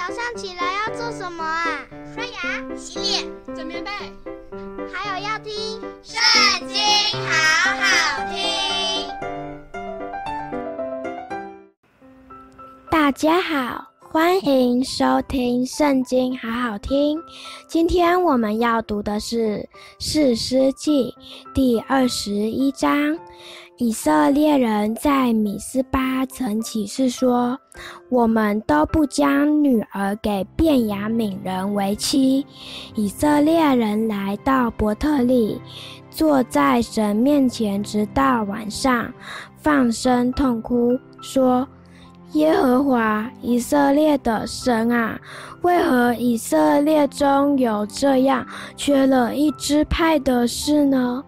早上起來要做什麼啊？刷牙、洗臉、整棉被。還有要聽《聖經好好聽》。大家好，歡迎收聽《聖經好好聽》。今天我們要讀的是《士師記》第二十一章，以色列人在米斯巴。曾起誓說：“我們都不將女兒給便雅憫人為妻。”以色列人來到伯特利，坐在神面前，直到晚上，放聲痛哭，說：“耶和華以色列的神啊，為何以色列中有這樣缺了一支派的事呢？”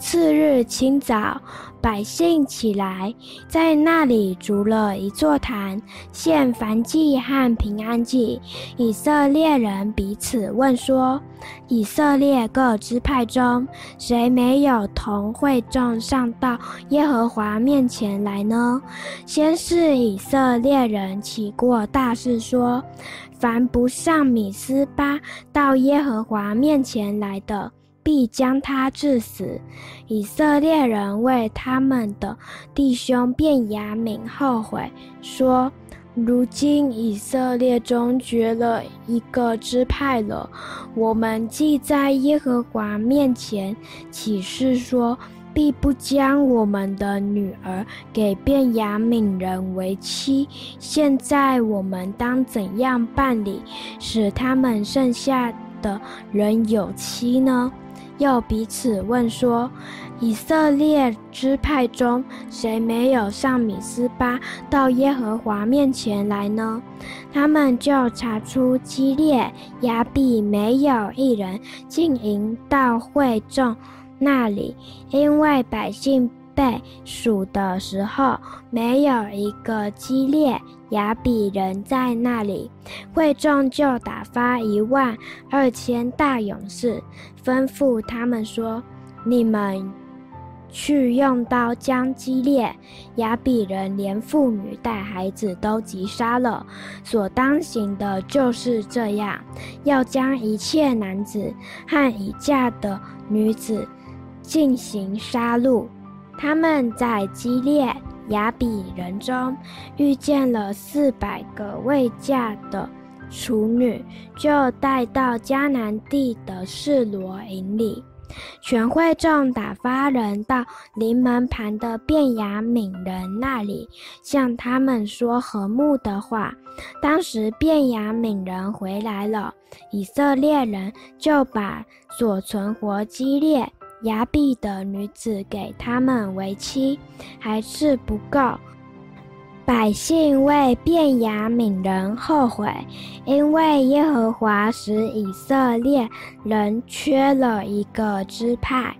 次日清早，百姓起來，在那裡築了一座壇，獻燔祭和平安祭。以色列人彼此問說：“以色列各支派中，誰沒有同會眾上到耶和華面前來呢？”先是以色列人起過大誓說：“凡不上米斯巴到耶和華面前來的，”必將他治死。以色列人為他們的弟兄便雅憫後悔，說：“如今以色列中絕了一個支派了。我們既在耶和華面前起誓說，必不將我們的女兒給便雅憫人為妻。現在我們當怎樣辦理，使他們剩下？”的人有妻呢，又彼此問說：以色列支派中誰沒有上米斯巴到耶和華面前來呢？他們就查出基列雅比沒有一人進營到會眾那裡，因為百姓。被數的時候，沒有一個基列‧雅比人在那裡。會眾就打發一萬二千大勇士，吩咐他們說：“你們去用刀將基列‧雅比人，連婦女帶孩子都擊殺了。所當行的就是這樣，要將一切男子和已嫁的女子盡行殺戮。”他們在基列雅比人中，遇見了四百個未嫁的處女，就帶到迦南地的示羅營裡。全會眾打發人到臨門磐的便雅憫人那裡，向他們說和睦的話。當時便雅憫人回來了，以色列人就把所存活基列。雅比的女子給他們為妻，還是不夠。百姓為便雅憫人後悔，因為耶和華使以色列人缺了一個支派。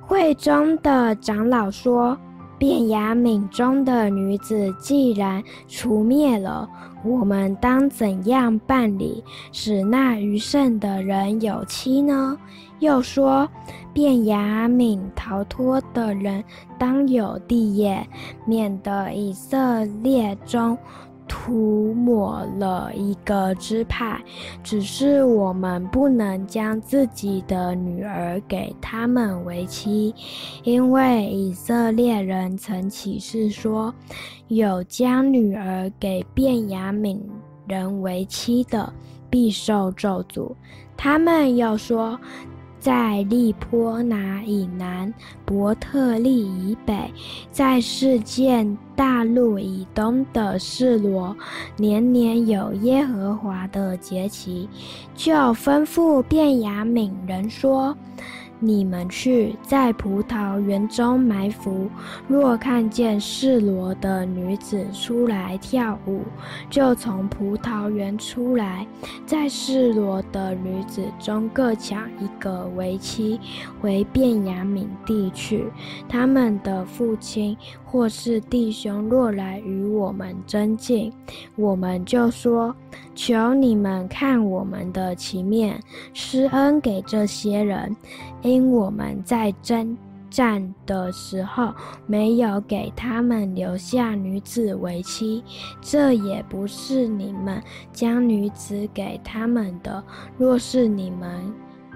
會中的長老說，便雅憫中的女子既然除滅了，我們當怎樣辦理，使那餘剩的人有妻呢？又說，便雅憫逃脫的人當有地業，免得以色列中，塗抹了一個支派，只是我們不能將自己的女兒給他們為妻，因為以色列人曾起誓說，有將女兒給便雅憫人為妻的，必受咒詛。他們又說。在利波拿以南、伯特利以北，在示劍大路以東的示羅，年年有耶和華的節期，就吩咐便雅憫人說。你們去，在葡萄園中埋伏，若看見示羅的女子出來跳舞，就從葡萄園出來，在示羅的女子中各搶一個為妻，回便雅憫地去。他們的父親或是弟兄若來與我們爭競，我們就說。求你們看我們的情面，施恩給這些人，因我們在征戰的時候沒有給他們留下女子為妻，這也不是你們將女子給他們的。若是你們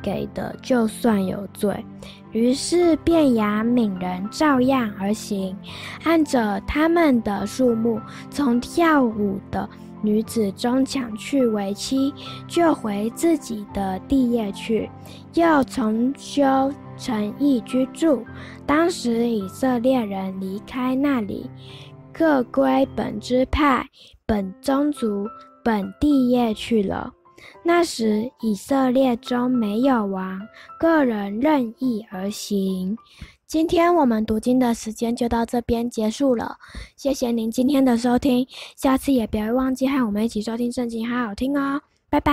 給的，就算有罪。於是便雅憫人照樣而行，按着他們的數目，從跳舞的。女子中搶去為妻，就回自己的地業去，又重修城邑居住。當時以色列人離開那裡，各歸本支派、本宗族、本地業去了。那時以色列中沒有王，各人任意而行。今天我們讀經的時間就到這邊結束了，謝謝您今天的收聽，下次也別忘記和我們一起收聽聖經，好好聽哦，拜拜。